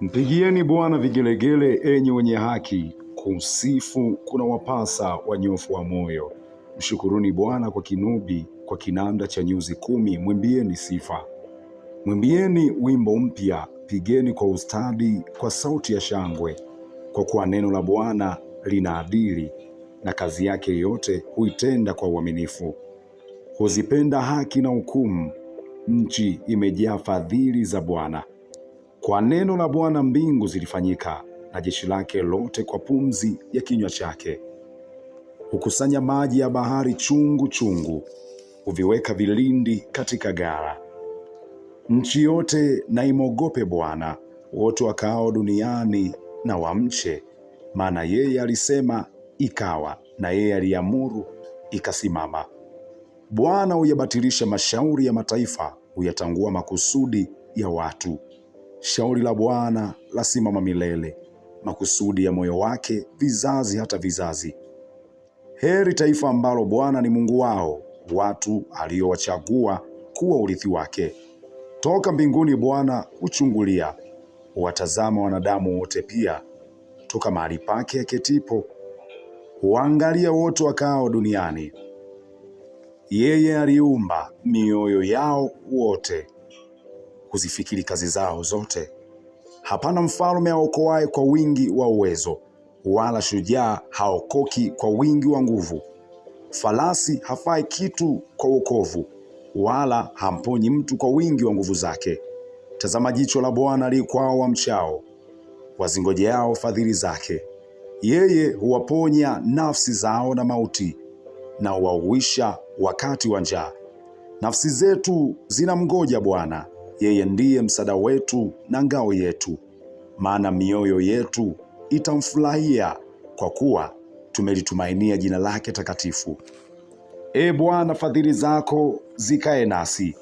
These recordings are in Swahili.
Mpigieni Bwana vigelegele, enyi wenye haki, kusifu kuna wapasa wanyofu wa moyo. Mshukuruni Bwana kwa kinubi, kwa kinanda cha nyuzi kumi mwimbieni sifa. Mwimbieni wimbo mpya, pigeni kwa ustadi, kwa sauti ya shangwe, kwa kuwa neno la Bwana linaadili, na kazi yake yote huitenda kwa uaminifu. Huzipenda haki na hukumu, nchi imejaa fadhili za Bwana. Kwa neno la Bwana mbingu zilifanyika, na jeshi lake lote kwa pumzi ya kinywa chake. Hukusanya maji ya bahari chungu chungu, huviweka vilindi katika gara. Nchi yote na imwogope Bwana, wote wakaao duniani na wamche, maana yeye alisema ikawa, na yeye aliamuru ikasimama. Bwana huyabatilisha mashauri ya mataifa, huyatangua makusudi ya watu. Shauri la Bwana lasimama milele, makusudi ya moyo wake vizazi hata vizazi. Heri taifa ambalo Bwana ni Mungu wao, watu aliowachagua kuwa urithi wake. Toka mbinguni Bwana huchungulia, huwatazama wanadamu wote pia, toka mahali pake aketipo huangalia wote wakao duniani. Yeye aliumba mioyo yao wote kuzifikiri kazi zao zote. Hapana mfalme aokoaye kwa wingi wa uwezo, wala shujaa haokoki kwa wingi wa nguvu. Falasi hafai kitu kwa wokovu, wala hamponyi mtu kwa wingi wa nguvu zake. Tazama, jicho la Bwana kwao wamchao, wazingojeao fadhili zake. Yeye huwaponya nafsi zao na mauti, na huwauisha wakati wa njaa. Nafsi zetu zinamngoja Bwana. Yeye ndiye msaada wetu na ngao yetu, maana mioyo yetu itamfurahia kwa kuwa tumelitumainia jina lake takatifu. e Bwana, fadhili zako zikae nasi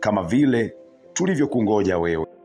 kama vile tulivyokungoja wewe.